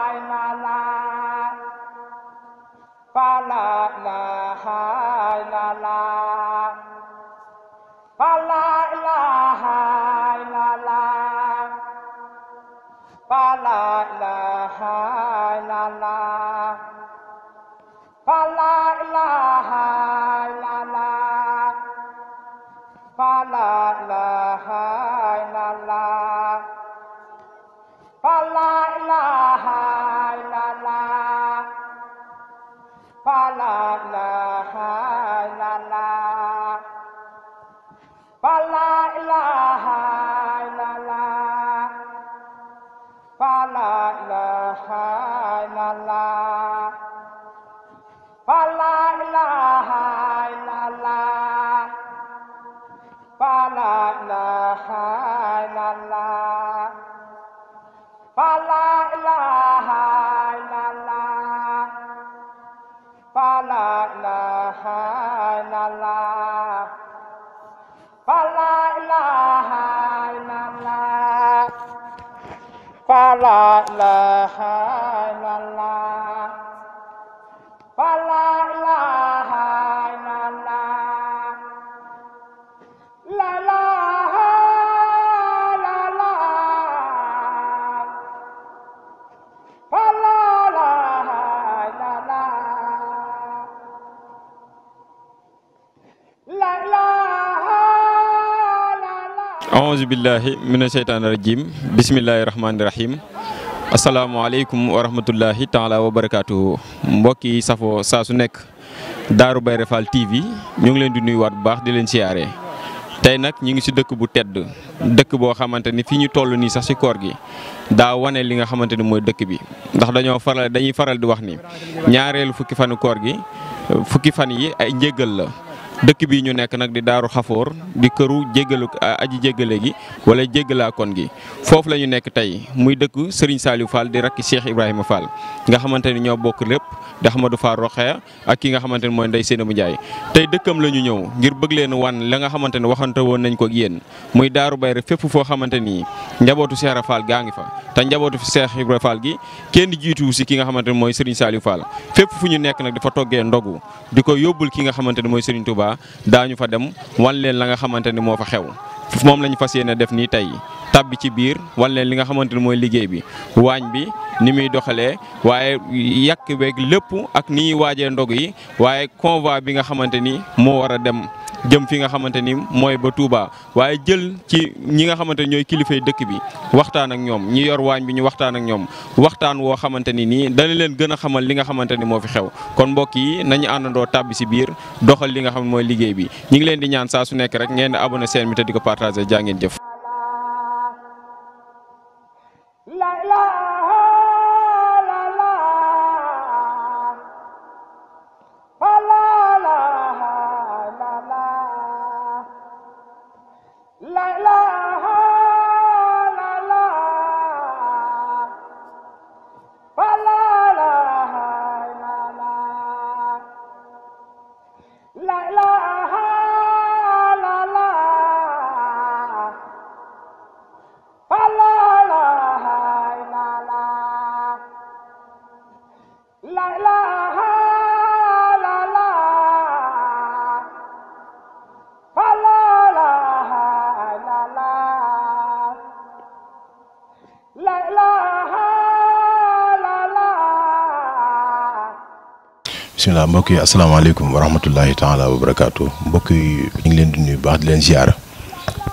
la la la la la la ilaha illallah wa la ilaha illallah la la la la wa la ilaha illallah la la auzu billahi mina shaytaani rajiim bismillahi rahmaani rahiim asalaamaaleykum wa rahmatullahi taala wa barakaatu mbokk yi safoo saa su nekk Daaru Bairé Fall TV ñu ngi leen di nuyuwaat bu baax di leen siyaare tey nag ñu ngi si dëkk bu tedd dëkk boo xamante ni fii ñu toll nii sax si koor gi daa wane li nga xamante ni mooy dëkk bi ndax dañoo faral dañuy faral di wax ni ñaareelu fukki fanu koor gi fukki fan yi ay njëgal la. dëkk bii ñu nekk nag di daaru xafoor di këru jéggalu aji jéggale gi wala kon gi foofu la ñu nekk tey muy dëkk Serigne Saliou Fall di rakki Cheikh Ibrahima Fall nga xamante ni ñoo bokk lépp di Ahmadou Fall Roxaya ak ki nga xamante ni mooy Ndeye Seynabou Ndiaye tey dëkkam la ñu ñëw ngir bëgg leen wan la nga xamante ni waxante woon nañ ko ak muy daaru bayre fépp foo xamante ni njabootu Cheikh Fall gaa ngi fa te njabootu Cheikh Ibrahima Fall gi kenn jiituwu si ki nga xamante ni mooy Serigne Saliou Fall ñu nekk nag dafa toggee ndogu di ko yóbbul ki nga xamante ni mooy Serigne Touba Touba daañu fa dem wan la nga xamante ni moo fa xew moom lañu fas yéene def nii tey tàbbi ci biir wan leen li nga xamante ni mooy liggéey bi waañ bi ni muy doxalee waaye yàq beeg lépp ak ni ñuy waajee ndog yi waaye convoi bi nga xamante ni moo war a dem jëm fi nga xamante ni mooy ba Touba waaye jël ci ñi nga xamante ñooy kilifay dëkk bi waxtaan ak ñoom ñi yor waañ bi ñu waxtaan ak ñoom waxtaan woo xamante ni nii dana leen gën a xamal li nga xamante ni moo fi xew kon mbokk yi nañu àndandoo tàbbi si biir doxal li nga xam ne mooy liggéey bi ñi ngi leen di ñaan saa su nekk rek ngeen di abonné seen mi te di ko partagé jaa ngeen jëf mbokk yi asalaamaaleykum wa rahmatullahi taala wa barakaatu mbokk yi ñu ngi leen di nuyu baax di leen ziar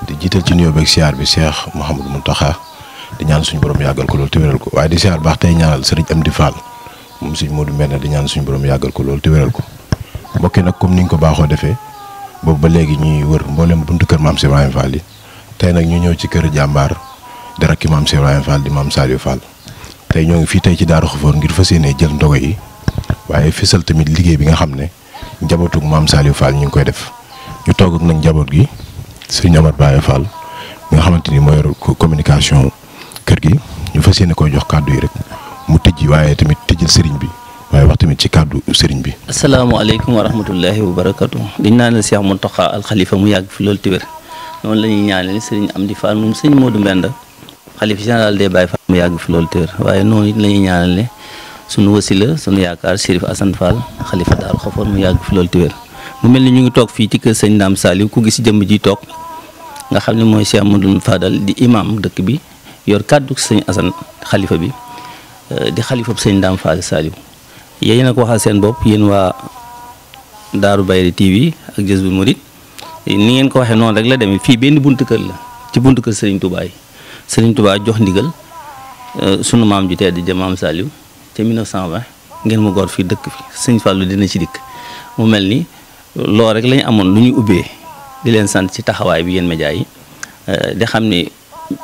di jiital ci nuyoo beeg ziar bi Cheikh mu Mountakha di ñaan suñu borom yàggal ko loolu wéral ko waaye di ziar baax tey ñaanal sëriñ Amdi Fall moom suñ Modou Mbène di ñaan suñu borom yàggal ko loolu te wéral ko mbokk yi nag comme ni ñu ko baaxoo defee boobu ba léegi ñuy wër mboolem buntu kër maam am Ibrahima Fall yi tey nag ñu ñëw ci kër jàmbaar di rakki maam Cheikh Ibrahima Fall di maam Saliou Fall tey ñoo ngi fii tey ci Daaru Xufoor ngir fa yéene jël ndogo yi waaye fësal tamit liggéey bi nga xam ne njabootug maam Saliou Fall ñu ngi koy def ñu toog ak nag njaboot gi sëñ Amar Baye Fall mi nga xamante ni mooy communication kër gi ñu fas yéene koy jox kàddu yi rek mu tëjji waaye tamit tëjal sëriñ bi waaye wax tamit ci kàddu sëriñ bi. asalaamaaleykum wa rahmatullahi wa barakatu di ñaanal Cheikh Mountakha Al Khalifa mu yàgg fi loolu téwér noonu la ñuy ñaanal sëriñ Amdi Fall moom sëñ Modou Mbenda xalifa général des Baye Fall mu yàgg fi loolu téwér waaye noonu it la ñuy ñaanal sunu wasila sunu yakar Chérif hasan Fall Khalifah dar khofor mu yag fi lol te wér mu melni ñu ngi tok fi ci keur seigne Ndaam Saliou ku gis jëm ji tok nga xamni moy Cheikh Amadou Fadal di imam dekk bi yor kaddu seigne hasan khalifa bi eh, di xalifa seigne Ndaam Fall Saliou yéen nak waxa seen bop yeen wa daru bayri TV ak murid. murid ni ngeen ko waxe non rek la demee fi benn buntu keur la ci buntu keur seigne Touba yi seigne Touba jox ndigal eh, sunu mam ju tedd jamam maam ca 1920 ngeen mu gor fi dëkk fi seigne fallu dina ci dik mu melni lo rek lañ amoon luñu ubbé di leen sant ci taxaway bi yeen média yi euh di xamni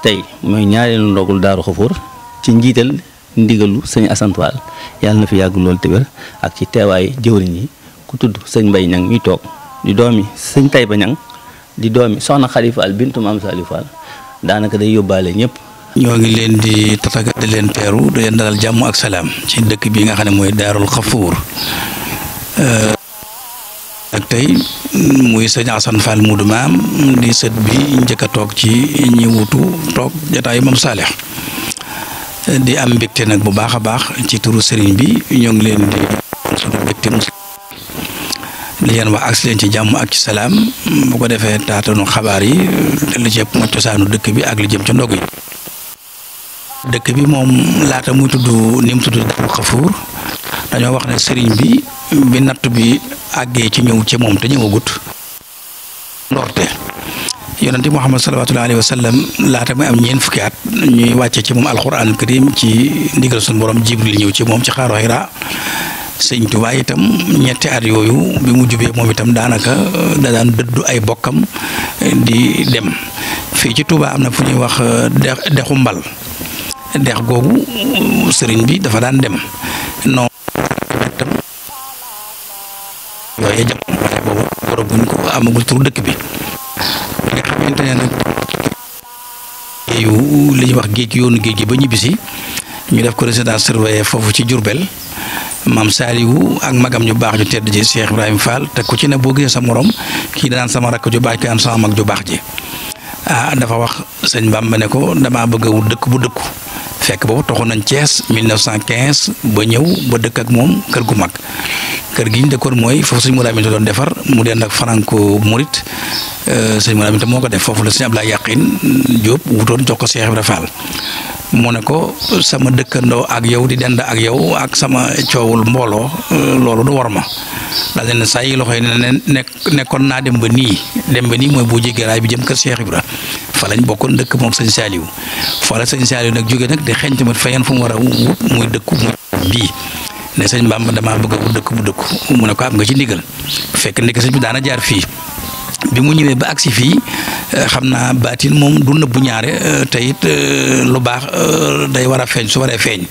tay moy mooy ñaareelu ndogul daaru xafoor ci njiital ndigalu assane asantuwaal yalla na fi yag lool te wér ak ci teewaay jëwriñ yi ku tudd seigne mbay ñang mi tok di doomi seigne tay ba ñang di doomi soxna xalifaal bintu maam saali faal daanaka day yobale ñëpp ñoo ngi leen di tatagat di leen teeru di leen dalal jàmm ak salaam ci dëkk bi nga xam ne mooy daarul xafuur ak tey muy sëñ Assane Fall di sët bi njëkk a toog ci ñi wutu toog jataayu Mame Saliou di am mbégte nag bu baax a baax ci turu sëriñ bi ñoo ngi leen di sunu mbégte li ngeen wax agsi leen ci jàmm ak ci salaam bu ko defee taatanu xabaar yi li jep ëpp cosaanu dëkk bi ak li jëm ci ndog yi dëkk bi moom laata muy tudd ni mu tudd Daaru Xafuur dañoo wax ne sëriñ bi bi natt bi àggee ci ñëw ci moom te ñëwagut ndorte yonente Muhammad salawatullahi alayhi wa sallam laata muy am ñeen fukki at ñuy wàcce ci moom alquran karim ci ndigal suñu borom jibril ñëw ci moom ci xaaru Hira sëñ Tuubaa itam ñetti at yooyu bi mu jubee moom itam daanaka da daan dëddu ay bokkam di dem fii ci Tuubaa am na fu ñuy wax dexu mbal dex googu serigne bi dafa dan dem non tam yooye jamono bobu borom buñ ko amagul tur dekk bi nga xamantene nak nag yu li wax geej yoonu geej gi ba ñibbisi ñu def ko résidence surveiller fofu ci Jurbel mam saliwu ak magam ñu bax ñu tedd ji Cheikh ibrahim Fall te ku ci ne bo gisee sa morom kii danaan sama rak ju baax ki am sama mag ju bax ji ah dafa wax sëñ Bamba ne ko dama bëgg wu dekk bu dekk fekk boobu toxoon nañ Thiès 1915 ba ñëw ba dëkk ak moom kër gu mag kër gi ñu dëkkoon mooy foofu suñu mënaa mi doon defar mu dend ak franco murit sëñ mënaa mi moo ko def foofu la sëñ Abdoulaye Yaqin Diop wutoon jox ko Cheikh Ibrahima Fall mu ne ko sama dëkkandoo ak yow di dend ak yow ak sama coowul mbooloo euh, loolu du war ma daal di ne saa yi loxo yi ne nekkoon naa dem ba nii dem ba nii mooy boo jege raay bi jëm kër Cheikh Ibra fa lañ bokkoon dëkk moom sëñ Saliou fa la sëñ Saliou nag jóge nag di xeeñ fa fayeen fu mu war a wut muy dëkku bii ne sëñ Bamba damaa bëgg a wut dëkk bu dëkku mu ne ko am nga ci ndigal fekk nekk sëñ daan a jaar fii. bi mu ñëwee ba agsi fii euh, xam naa baatin moom du nëbbu ñaare euh, te it euh, lu baax day war a feeñ su waree feeñ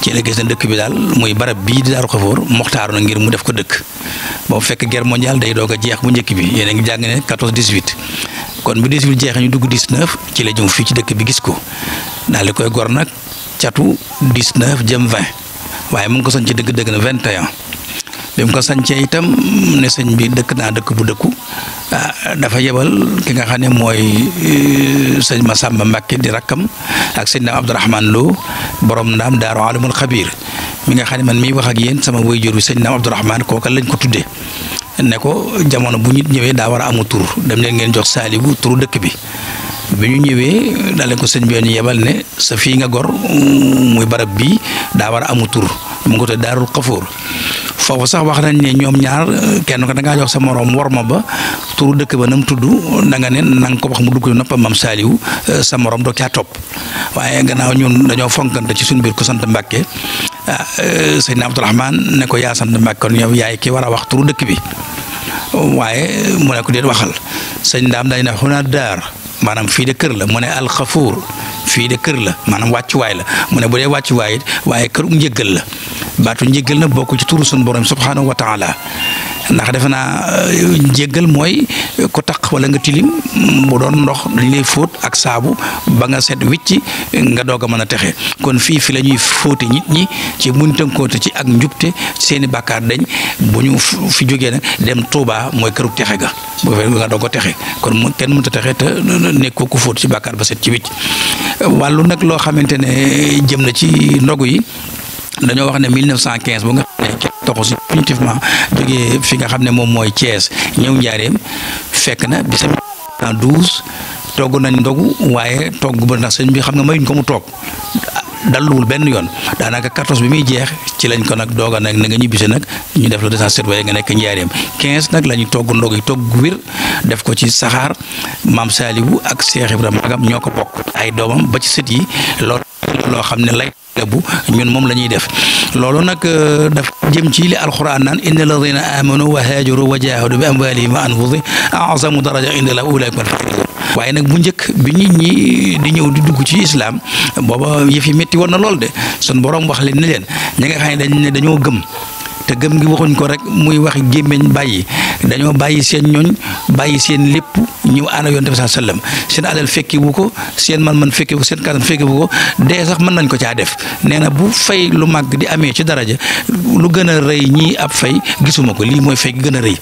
ci la gis na dëkk bi daal muy barab bii di Daaru Xafoor moxtaar na ngir mu def ko dëkk boo fekk guerre mondiale day doog a jeex bu njëkk bi yéen a ngi jàng ne 14 18 kon bu 18 jeexee ñu dugg 19 ci la jëm fii ci dëkk bi gis ko daal di koy gor nag catu 19 jëm 20 waaye mu ngi ko soñ ci dëgg-dëgg na 21. bi ko sanche itam ne señ bi dekk na dekk bu dëkku ah, dafa yebal ki nga xane moy eh, señ Masamba Mbàkke di rakam ak señ dam Abdourahman Lo borom ndam daru alimul khabir mi nga xane man mi wax ak yeen sama waajur bi señ dam Abdourahman kooka lañ ko tuddé ne ko jamono bu nit ñewé da wara amu tur dem leen ngeen jox salibu turu dekk bi bi ñu ñëwee daal ko señ bi ñu yebal ne sa fi nga gor mm, muy barab bi da wara amu tur mu ngi ko tuddee daarul xafuur foofu sax wax na ne ñoom ñaar kenn ko da ngaa jox sa morom worma ba turu dëkk ba na mu tudd da nga ne na ko wax mu dugg noppam maam Saliou sa morom doo caa topp waaye gannaaw ñun dañoo fonkante ci suñu bir ko sant Mbàkke ah eh, sëñ Abdou Rahman ne ko yaa sant Mbàkke kon yow yaay ki war a wax turu dëkk bi waaye mu ne ko déet waxal sëñ daam dañ ne daar maanaam fii de kër la mu ne alxafuur fii de kër la maanaam wàccuwaay la mu ne bu dee wàccuwaay it waaye këru njëggal la baatu njëggal na bokk ci turu sun borom subhanahu wa taala ndax defe naa euh, jéggal mooy ko taq wala nga tilim bu doon ndox dañ lay fóot ak saabu ba nga set wicc nga doog a mën a texe kon fii fi la ñuy fóote ñi ñi ci muñ koote ci ak njubte seeni i bàkkaar dañ bu ñu fi jógee nag dem Touba mooy kërug texe ga bu fekkee nga doog a texe kon mu kenn mun a texe te nekk ku fóot ci bàkkaar ba set ci wicc wàllu nag loo xamante ne jëm na ci ndogu yi dañu wax ne 1915 bu nga xam ne toxu si définitivement fi nga xam ne moom Thiès ñëw njaareem fekk na bisam 12 togg nañ dogu waye togu ba ndax señ bi xam nga mayuñ ko mu toog dalluwul benn yoon daanaka 14 bi mi jeex ci lañ ko nak doga nak na nga ci nak ñu def la descente surveillée nga nek njaareem 15 nak lañu togu togg togu wir def ko ci sahar mam salihu ak Cheikh ibrahim Magam ñoko bok ay domam ba ci sët yi lo loo xam ne lay bu ñun moom la ñuy def loolu nag euh, daf jëm ci li alquran naan inna alladina amanu wa haajaru wa jahadu bi amwalihim wa a azamu daraja inda la ulaika waaye nag bu njëkk bi nit ñi di ñëw di dugg ci islam booba yëf yi métti na lool de sun borom wax leen ne leen ñi nga xam ne dañ dañoo gëm te gëm gi waxuñ ko rek muy wax gémmiñ bayyi dañoo bayyi seen ñooñ bayyi seen lepp ñu ana ak yonent bi sallam seen alal fekki wuko seen man-man fekki wu seen kan fekki wuko de sax man nañ ko caa def neena bu fay lu mag di amé ci daraja lu gëna reey ñi ab fay gisuma ko lii mooy fay gëna reey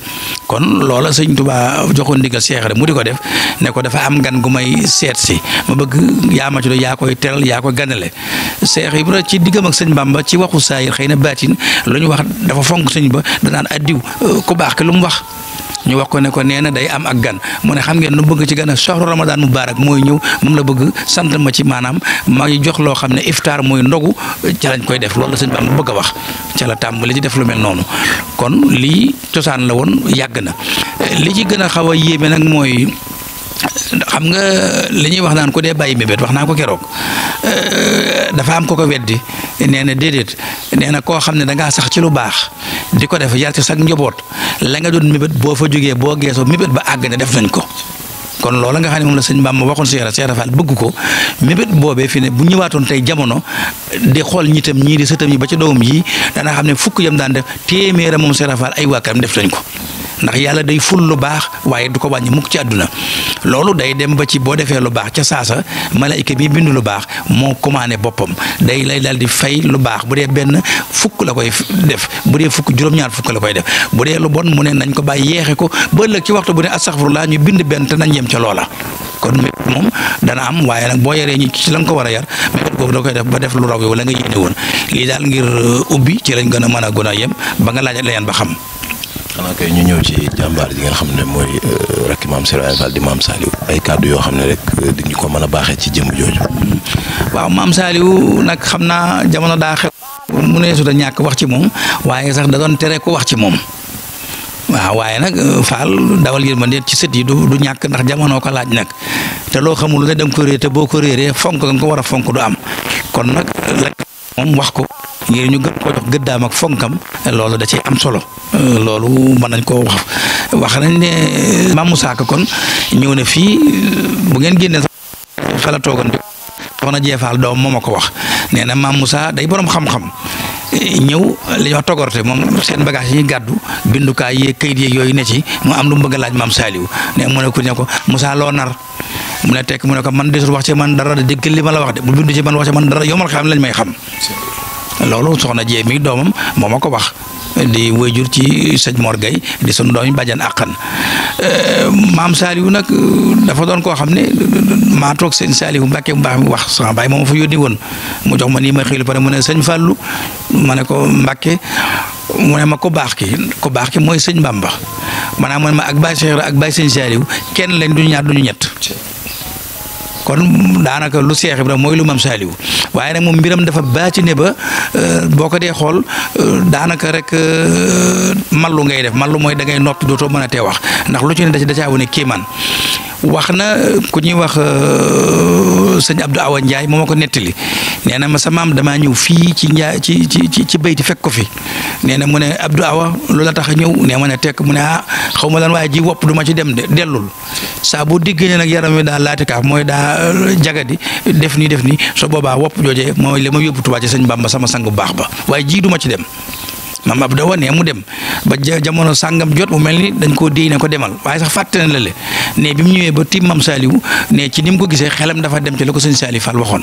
kon loola sëñ touba joxon digal cheikh re mu diko ko def ne ko dafa am gan gumay set ci ma bëgg yaa ma ci do ya koy tel ya ko ganale cheikh Ibra ci digam ak sëñ bamba ci waxu sayr xeyna wax dafa fonk sëñ ba da danaan addiw euh, ku baax ki lu mu wax ñu wax ko ne ko nee na day am ak gan mu ne xam ngeen nu bëgg ci gan a mu baar ak mooy ñëw moom la bëgg sant ma ci maanaam ma jox loo xam ne iftaar mooy ndogu ca lañ koy def loolu la sëñ ba am bëgg a wax ca la tàmbali ci def lu mel noonu kon lii cosaan la woon yàgg na li ci gën a xaw a yéeme nag mooy xam nga li ñuy wax naan ku dee bàyyi mébét wax naa ko keroog euh, dafa am ko ko weddi nee na déedéet nee na koo xam ne da sax ci lu baax di ko def yar ci sax njaboot la nga doon mébét boo fa jógee boo geesoo mébét ba àgg ne def nañ ko. kon loola nga xam ne moom la sëñ Bàmb waxoon Cheikh Ibra Fall bëgg ko mébét boobee fi ne bu ñëwaatoon tey jamono di xool ñiitam ñii di sëtam yi ba ci doom yi danaa xam ne fukk yam daan def téeméera moom Cheikh Ibra Fall ay waa këram def nañ ko. ndax yalla day ful lu bax waye duko ko wàññi mukk ci aduna loolu day dem ba ci bo defé lu bopom? ci sasa malaika bi bindu lu bax mo commandé bopam day lay daldi di fay lu bax bu dee fukk la koy def bu dee fukk juroom ñaar fukk la koy def bu dee lu bon mu né nañ ko bàyyi yéxé ko ba lekk ci waxtu bu astaghfirullah ñu bind ben té nañ yem ci lola kon moom dana am waye nak bo yéré ñi ci lañ ko wara yar mais googu da koy def ba def lu raw yow la nga yéne won li dal ngir uh, ubbi ci lañ gëna mëna yëm ba nga laaj leen ba xam xanaa kay ñu ñëw ci jàmbaar ji nga xam ne mooy euh, rakki maam Serigne Fall di maam Saliou ay kàddu yoo xam ne rek euh, di ñu ko man a baaxee ci jëm jooju. waaw maam saaliw nag xam naa jamono daa xew mu ne su da ñàkk wax ci moom waaye sax da doon ko wax ci moom. waaw waaye nag euh, Fall dawal yéen ma ndeet ci sët yi du ñàkk ndax jamono ko laaj nag te loo xamul ne da nga ko réer te boo ko réeree fonk nga ko war a fonk du am kon nag moom wax ko ngir ñu gën ko jox gëddaam ak fonkam loolu da ci am solo loolu mën nañ koo wax wax nañ ne Maam musaa ko kon ñëw na fii bu ngeen génnee sax fa la toogoon soxna jeefaal doom moo ma ko wax nee na Maam Moussa day boroom xam-xam ñëw li ñuy wax togorte moom seen bagage yi ñuy gàddu bindukaay yeeg kayit yooyu ne ci mu am lu mu bëgg laaj Maam Saliou ne mu ne ko musaa loo nar mu ne tekk mu ne ko man desul wax ci man dara dëgg li mala wax de bu bindu ci man wax ci man dara yomal xam lañ may xam lolu soxna je mi domam momako wax di wëjur ci sëñ Mor gay di sunu doomi bajan àqan mam saliw nak dafa don ko xamne ma tok toog saliw Saliou Mbacke bu mi wax sama bay moom fa yónni won mu jox ma nii ma xiilu pare mu ne señ fallu mané ko Mbacke mu ne mako ko ki ko bax ki moy señ Bamba manam mu ne ma ak bay Cheikh ak bay señ saliw ken lañ duñ ñaar duñ ñet kon daanaka lu Seex Ibra mooy lu Maam Saaliw waaye rek moom mbiram dafa bàcc ne ba euh, boo ko dee xool euh, daanaka rek euh, mallu ngay def mallu mooy dangay ngay noppi dootoo mën a tee wax ndax lu ci ne da caa wane kéemaan wax na euh, ku ñuy wax euh, sëñ Abdou Awa njaay moo ma ko nettali nee na ma sa maam damaa ñëw fii ci Ndiaye ci ci ci ci béyti fekk ko fi nee na mu ne Abdou Awa loola tax a ñëw nee ma ne tekk mu ne ah xaw ma lan waaye ji wopp duma ci dem de dellul saa boo diggee ne nag yaram wi daa laati kaaf mooy daa euh, jagadi def nii def nii so boobaa wopp joojee mooy li ma yóbbutu Tuubaa ci mbaam Bamba sama sang bu baax ba waaye jii duma ci dem. am ab da wane mu dem ba jamono sàngam jot mu mel ni dañ koo déy ne ko demal waaye sax fàtte na la le ne bi mu ñëwee ba tim mam saaliwu ne ci ni mu ko gisee xelam dafa dem ci la ko sëñ Saali Fall waxoon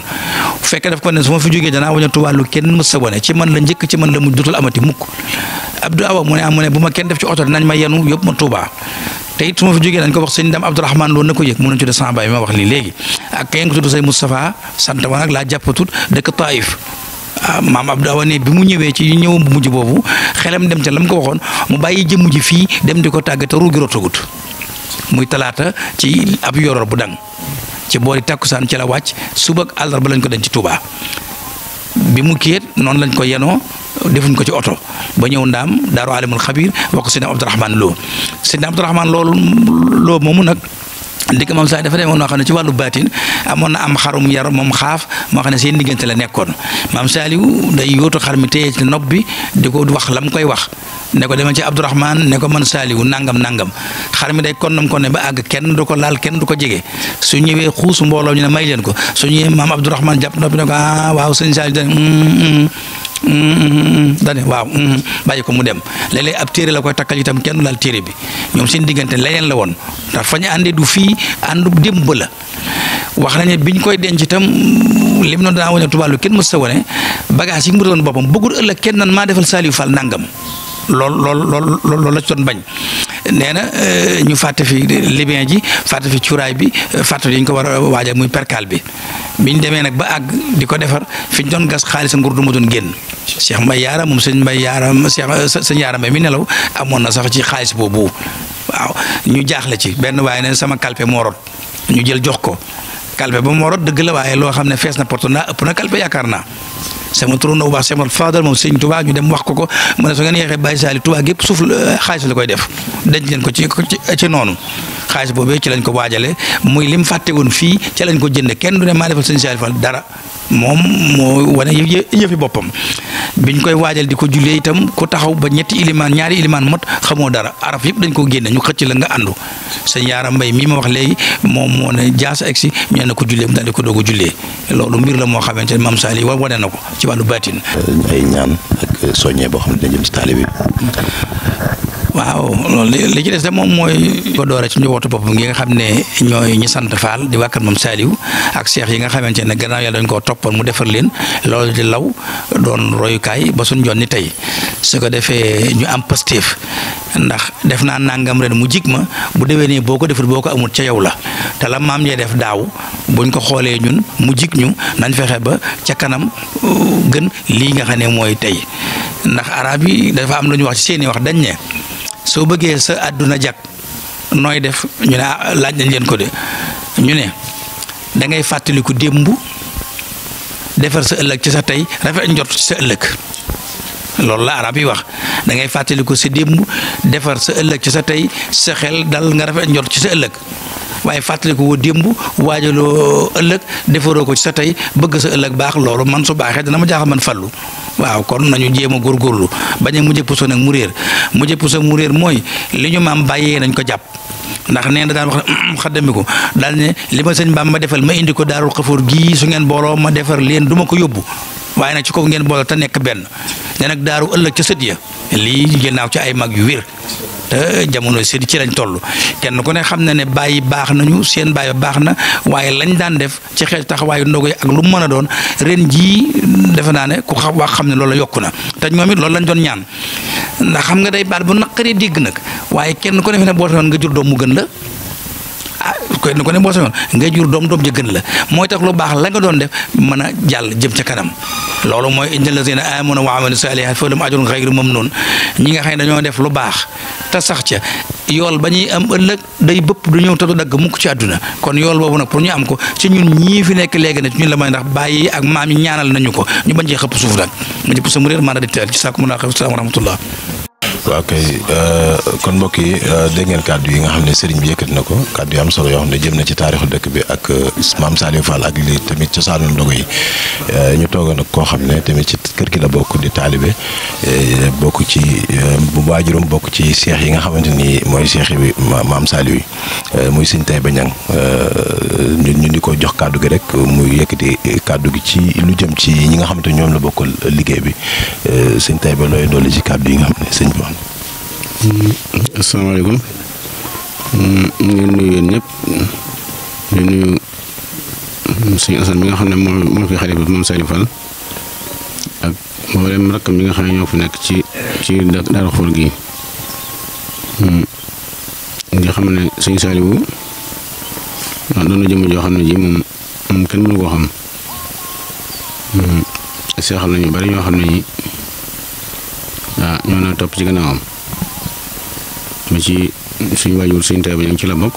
fekk daf ko ne su ma fi jógee danaa waña Tuubaa lu kenn mës sa wane ci man la njëkk ci man la mujj dootul amati mukk Abdou Awa mu ne amu ah, ne bu ma kenn def ci oto nañ ma yenu yóbbu ma Tuubaa te su ma fi jógee dañ ko wax sëñ Dame Abdourahmane loolu na ko yëg mën nañu tuddee Ah, maam Abdou Awane bi mu ñëwee ci ñëwam bu mujj boobu xelam dem ca lam ko waxoon mu bàyyi jëmm ji fii dem di ko tàggate ruugi rotagut muy talaata ci ab yoror bu dang ci boori tàkkusaan ci la wàcc suba ak ba lañ ko dem ci Touba bi mu kiyet noonu lañ ko yenoo defuñ ko ci oto ba ñëw ndaam daaru alimul xabir wax ko sëñ Abdourahman Lo sëñ Abdourahman loolu loo moomu nag ndikk moom sax dafa demoon noo xam ne ci wàllu baatin amoon na am xarum yar moom xaaf moo xam ne seen diggante la nekkoon maam Saliou day yóotu xar mi téye ci nopp bi di ko wax lam koy wax ne ko demal ci abdourahman ne ko man saliw nangam nangam xar mi day konnam konne ba ag kenn du ko lal kenn du ko jige su ñëwee xuus mbolo ñu ne may leen ko su ñëwee mam abdourahman japp nopi ne ko ah waaw sëñ saliw dañ mm, mm, mm, dane waaw baye ko mu dem léeg ab téré la koy takal itam kenn laal téré bi ñom seen digënté leneen la won da fañu àndee du fi andu demb la wax nañ biñ koy denc itam lim noonu daa wane tubaab lu kenn sa bagage yi mu doon bopam bëggul ëlëk ken nan ma defal saliw fal nangam lool lool lool lool la ci doon bañ nee na eh, ñu fàtte fi libin ji fàtte fi cuuraay bi eh, fàtte yi ñu ko war a waajal muy perkal bi biñ demee nag ba àgg di ko defar fi ñu doon gas xaalis nguur du ma doon génn Cheikh Mbaye yaaram moom sëñ mbay Yaara Cheikh eh, sëñ Yaara Mbaye mi nelaw amoon na sax ci xaalis boobu waaw ñu jaaxle ci benn waaye ne sama kalpe moo ñu jël jox ko kalpe ba moo dëgg la waaye loo xam ne fees na porte naa ëpp na kalpe yaakaar naa sama turandoo bu baax Cheikh Mouhamed Fadal moom sëñ Touba ñu dem wax ko ko mu ne su ngeen yeexee Baye Sali Touba gépp suuf xaalis la koy def denc leen ko ci ci noonu xaalis boobee ci lañ ko waajale muy lim fàtte woon fii ci lañ ko jënde kenn du ne maa defal sëñ Saliou Fall dara moom moo wane yëfi boppam biñ koy waajal di ko jullee itam ku taxaw ba ñetti ilimaan ñaari ilimaan mot xamoo dara araf yëpp dañ ko génne ñu xëcc la nga àndu sëñ Yaara Mbay mii ma wax léegi moom moo ne jaasa egsi ñu ne na ko jullee mu daal di ko doog a jullee loolu mbir la moo xamante ne maam Saliou wa wane na ko ci wàllu baatin ay ñaan ak soññee boo xam ne ci taalibe bi waaw loolu li ci moom mooy ko doore ci njabootu boppam gi nga xam ne ñooy ñi sant Faal di wàkkat moom Saliou ak seex yi nga xamante ne ganaar yàlla dañ koo toppoon mu defar leen loolu di law doon royukaay ba suñ joon ni tey su ko defee ñu am pastéef ndax def naa nangam ren mu jig ma bu nii boo ko defut boo ko amut ca yow la te la maam yee def daaw buñ ko xoolee ñun mu jig ñu nañ fexe ba ca kanam uh, gën lii nga xam ne mooy tey ndax arab yi dafa am lu ñu wax ci seeni wax dañ so bëggee sa aduna jak noy def ñu ne ah, laaj nañ leen ko de ñu ne da ngay fàttaliku dembu defar sa ëlëk ci sa tay rafa njort ci sa ëlëk lool la arab yi wax da ngay fàttaliku sa dembu defar sa ëlëk ci sa tay sa xel dal nga rafa njort ci sa ëlëk waaye fàttaliku woo démb waajaloo ëllëg defaroo ko ci sa tey bëgg sa ëllëg baax loolu man su baaxee dana ma jaaxal man fallu waaw kon nañu jéem a góorlu bañ mu mujjee puso nag mu réer mujjee puso mu réer mooy li ñu maam bàyyee nañ ko jàpp ndax nee na daan wax xaddami ko daal ne li ma sëñ ma defal ma indi ko daarul xafoor gii su ngeen booloo ma defar leen du ma ko yóbbu waaye nag ci kaw ngeen boole te nekk benn ne daaru ëllëg ca sët ya lii gannaaw ci ay mag yu wér te jamono sët ci lañ toll kenn ku ne xam na ne bàyyi baax nañu seen bàyyi baax na waaye lañ daan def ci xeetu taxawaayu ndogo yi ak lu mu mën a doon ren jii defe naa ne ku xa wax xam ne loolu yokku na te ñoom it loolu lañ doon ñaan ndax xam nga day baat bu naqaree dégg nag waaye kenn ku ne fi ne boo taxoon nga jur doom mu gën la. ah koy ko ne boo soñoon jur doom doom ja gën la mooy tax lu baax la nga doon def mën a jàll jëm ca kanam loolu mooy innal lazina amanu wa amilu salihat fa lahum ajrun xayru mamnun ñi nga xay ne def lu baax te sax ca yool ba ñuy am ëllëg day bëpp du ñëw te du dagg mukk ci àdduna kon yool boobu nag pour ñu am ko ci ñun ñii fi nekk léegi ne ci ñun la may ndax bàyyi ak maam yi ñaanal nañu ko ñu bañ cee xëpp suuf nag ma jëpp sa mu réer a di teel ci saaku mën a xew salaam wa rahmatullah waaw kay euh, kon mbokk yi euh, dégg ngeen kàddu yi nga xam ne sëriñ bi yëkkati na ko kàddu yi am solo yoo xam ne jëm na ci taarixu dëkk bi ak euh, maam Saliou Fall ak li tamit cosaanu ndogu yi ñu toogoon ak koo xam ne tamit ci kër gi la bokk di taalibe bokk ci bu waajuram bokk ci seex yi nga xamante ni mooy seex yi maam Saliou yi muy sëñ Taïba Niang ñu ñu di ko jox kàddu gi rek muy yëkkati kàddu gi ci lu jëm ci ñi nga xamante ñoom la bokkal liggéey bi sëñ ba looy dolli ci kàddu yi nga xam ne sëñ bi wax asalaamaaleykum ñu mm, ngi nuyu yéen ñëpp di nuyu mm, sëñ Assane bi nga xam ne moo moo fi xarit bi moom Saliou ak mboolem rakkam bi nga xam ne ñoo fi nekk ci ci Daaru Xóor gi mm, di xam ne sëñ Saliou waaw doon na jëmm joo xam ne ji moom moom kenn mënu koo xam seexal nañu bari ñoo xam ne ñi waaw ñoo na topp ci gannaawam ba ci suñu waajur sëñ Taïba Niang ci la bokk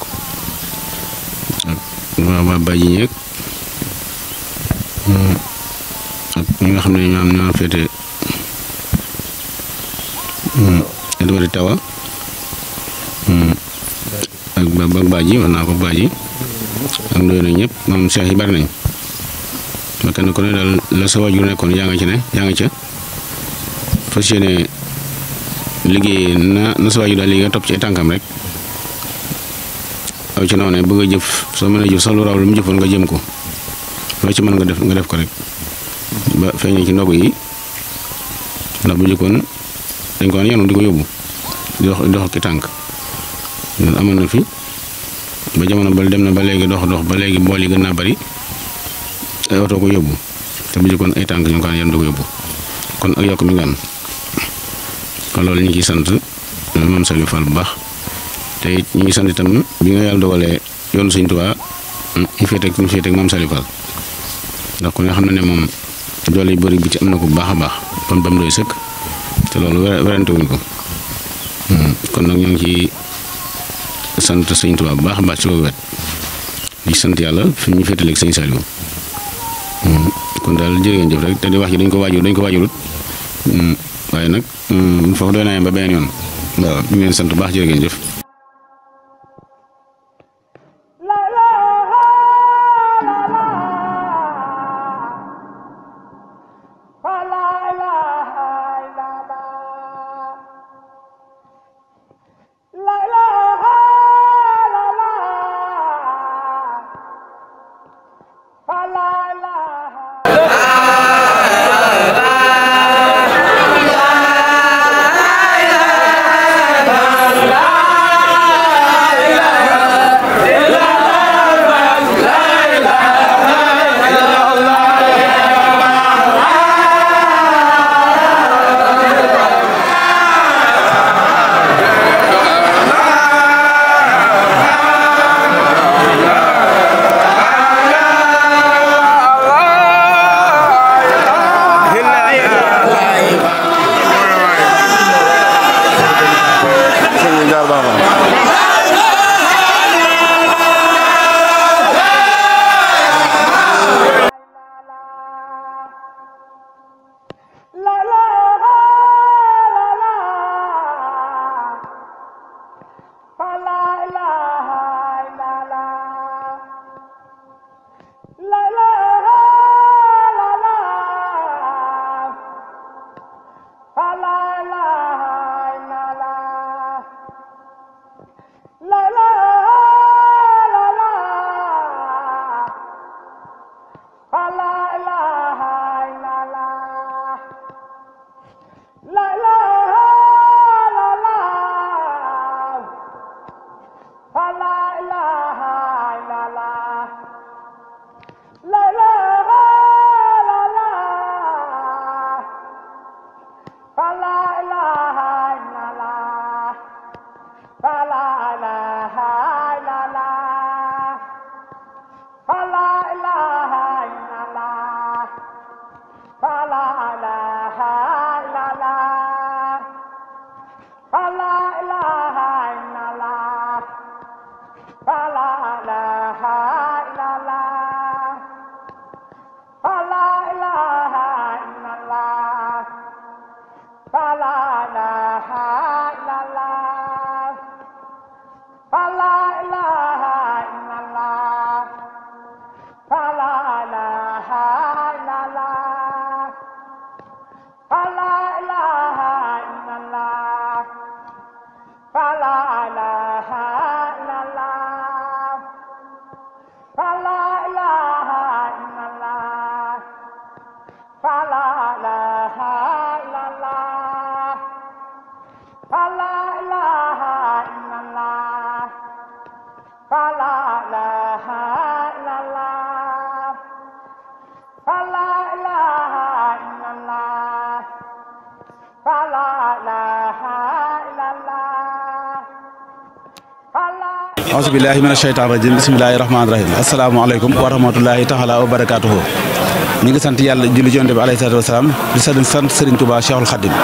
ak waa waa Baye Niang ak ñi xam ne ñoo am ñoo féete Edouard Tawa ak ba ba Badji wax naa ko Badji ak doy na ñëpp moom seex yi bari nañ ba kenn ku ne daal la sa waajur nekkoon yaa nga ci ne yaa nga ca fas yéene liggéey na na sa waaju daal liggéey nga topp ci tànkam rek aw ci noonu bëgg a jëf soo mënee jëf sax lu raw lu mu jëfoon nga jëm ko loo ci mën nga def nga def ko rek ba feeñee ci ndog yi ndax bu njëkkoon dañ ko daan yenu di ko yóbbu dox dox amoon na fi ba jamono dem na ba léegi dox dox ba léegi bool yi gën naa bari ay oto ko yóbbu te bu njëkkoon ay tànk ñu ko daan yenu di ko yóbbu kon ak yokk mi nga kon loolu ñu ngi sant moom Saliou Fall bu baax te it ñu ngi sant itam bi nga yàlla dogalee yoonu sëñ Tuubaa ñu féete ak ñu féete ak moom Saliou Fall ndax ku ne xam na ne moom doole yu bëri bi ci am na ko bu baax a kon ba doy sëkk te loolu wuñ ko hmm, kon nag ñu ngi sant sëñ Tuubaa bu baax ci di sant yàlla fi ñu féetale ak sëñ Saliou hmm, kon dal jërë jëf rek di wax ji dañ ko waajur dañ ko waajulut hmm, waaye nag mm, foofu doy naa yem ba beneen yoon waaw ñu ngi leen sant baax jërë ngeen auzu billaahi mina sheytaani rajiim bismillaahi rahmaani rahiim asalaamaaleykum wa rahmatulaahi taxalaa wa barakaatuhu ñu ngi sant yàlla julli ci yonent bi alayhi salaatu wa salaam di sant Serigne Touba Cheikhul Khadim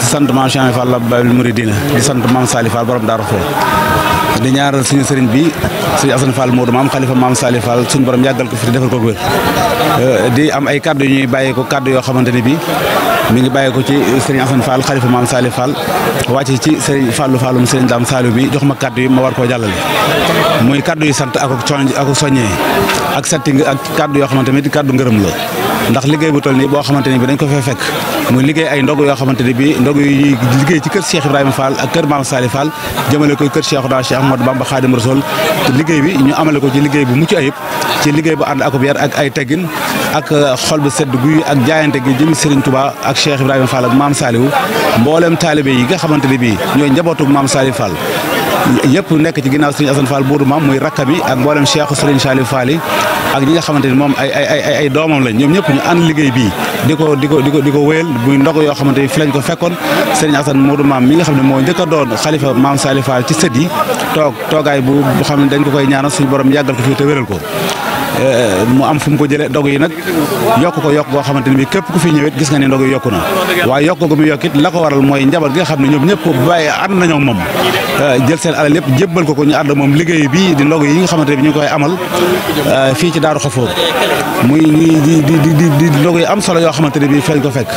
di sant maam Cheikh Fall Baabul Muridiina di sant maam Sali Fall borom Daaru Xuddoos di ñaaral suñu bi sëñ Assane Fall Modou maam xalifa maam Sali Fall suñu borom yàggal ko fi defal ko wér euh, di am ay kàddu ñuy bàyyi ko kàddu yoo xamante ne bii mi ngi bàyyi ko ci sëñ Assane Fall xalifa maam Sali Fall wàcc ci sëñ Fallou Falloum sëñ Dame Saliou bi jox ma kàddu yi ma war koo jàllale muy kàddu yi sant ak ak soññee ak sant ak kàddu yoo xamante ne bii kàddu ngërëm la ndax liggéey bu toll nii boo xamante ni bi dañ ko fee fekk muy liggéey yoo xamante ni bi ndog yi liggéey ci kër Cheikh Ibrahima Fall ak kër Mame Sali Fall jëmale ko kër Cheikh Oda Cheikh Ahmadou Bamba Khadim Rasoul te liggéey bi ñu amale ko ci liggéey bu mucc ayib ci liggéey bu ànd akub yar ak ay teggin ak euh, xol bu sedd guy ak jaayante gi jëmi Serigne tubaa ak Cheikh Ibrahima Fall ak Mame Saliou mboolem taalibe yi nga xamante ni bi ñooy njabootu Mame Sali Fall yëpp nekk ci ginnaaw Serigne Assane Fall buuru maam muy rakkam yi ak mboolem Cheikh Serigne Saliou Fall yi ak ñi nga xamante ni moom ay ay ay doomam lañ ñoom ñëpp ñu ànd liggéey bii di ko di ko di ko di ko wéyal muy ndog yoo xamante ni fi lañ ko fekkoon sëriñ Assane Modou Maam mi nga xam ne moo njëkk a doon xalifa maam Salifa ci sët yi toog toogaay bu bu xam ne dañ ko koy ñaanal suñu borom yàggal ko fii te wéral ko mu am fu mu ko jëlee dog yi nag yokk ko yokk goo xamante ne bi képp ku fi ñëwit gis nga ne ndog yi yokku na waaye yokk gu mu yokkit la ko waral mooy njaboot gi nga xam ne ñoom ko bàyyi ànd nañoo moom euh, jël seen alal yëpp jébbal ko ko ñu ànd moom liggéey bi di ndog yi nga xamante ne bi ñu koy euh, ne bi feeñ ko fekk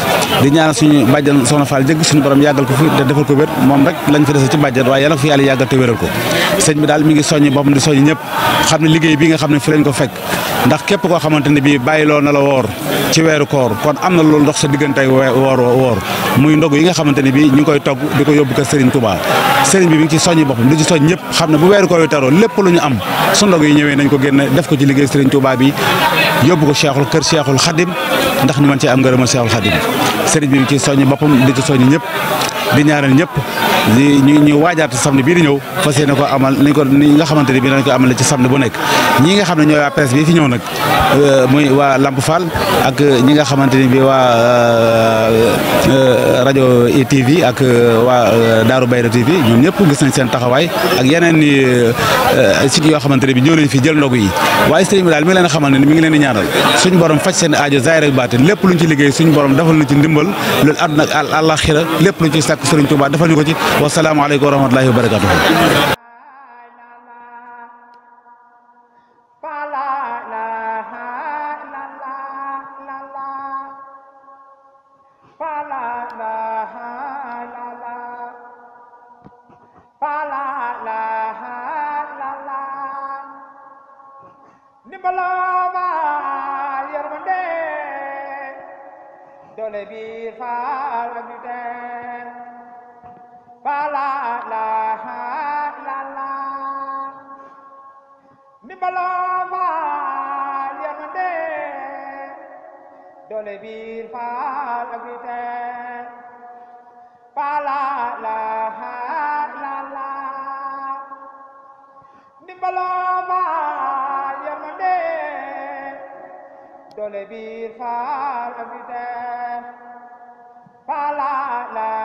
di ñaan suñu bàjjan Soxna Fall jëgg suñu borom yàggal ko fi te defal ko wér moom rek lañ fi dese ci ko sëñ bi daal mi ngi soññ boppam di soññ ñëpp xam ne liggéey bi nga xam ne fi lañ ko fekk ndax képp koo xamante ne bii bàyyiloo na la woor ci weeru koor kon am na loolu ndox sa diggante ak woor woor muy ndog yi nga xamante ne bii ñu ngi koy togg di ko yóbbu ko Serigne Touba Serigne bi mi ngi ci boppam di ci soñ ñëpp xam ne bu weeru koor yu taroo lépp lu ñu am su ndog yi ñëwee nañ ko génne def ko ci liggéey Serigne Touba bi yóbbu ko Cheikhul kër Cheikhul Khadim ndax ñu man cee am ngërëma Cheikhul Khadim Serigne bi mi ngi ci soññi boppam di ci soññi ñëpp di ñaanal ñëpp ñu ñu ñu waajaat samedi bii di ñëw fas yéene ko amal nañ ko ni nga xamante ni bii dañ ko amale ci samedi bu nekk ñi nga xam ne ñooy waa presse bi fi ñëw nag euh, muy waa Lamp Fall ak ñi nga xamante ni bii waa euh, rajo TV ak euh, waa Daaru Bayra TV ñoom ñëpp gis nañ seen taxawaay ak yeneen ni sites yoo xamante ne bi ñëw nañ fi jël ndogu yi waaye sëriñ bi daal mi ngi leen xamal ne mi ngi leen di ñaanal suñu borom faj seen aajo zaahir ak baatin lépp luñ ci liggéey suñu borom defal na ci ndimbal loolu àdduna ak àllaaxira lépp luñ ci sàkk sëriñ ñu ko ci wasalaamualeykum wa rahmatulahi wa barakatuh doole bi faal bi tey fala ilaha illallah mi baloma yemande doole biir faal ak witee fala ilaha illallah mi baloma yemande doole biir faal ak witee fala ilaha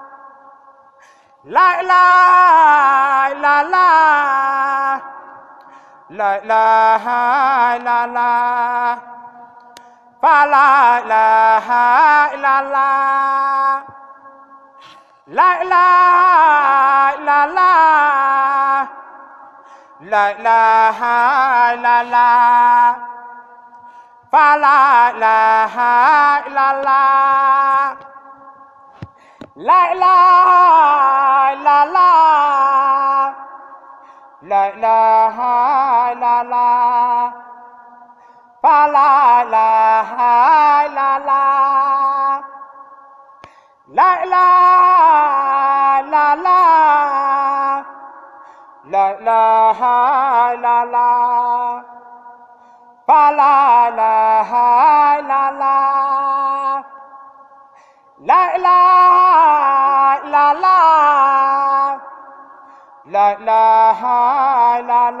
la la la la la la la la fa la la la la la la la la la la la la fa la la la la la la la la la la la la pa la la la la la la la la la la la la la la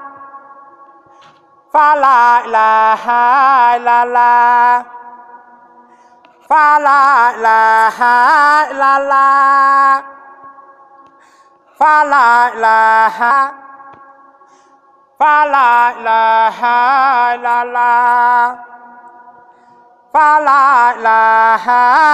فلا إله إلا الله فلا إله إلا الله فلا إله فلا إله إلا الله فلا إله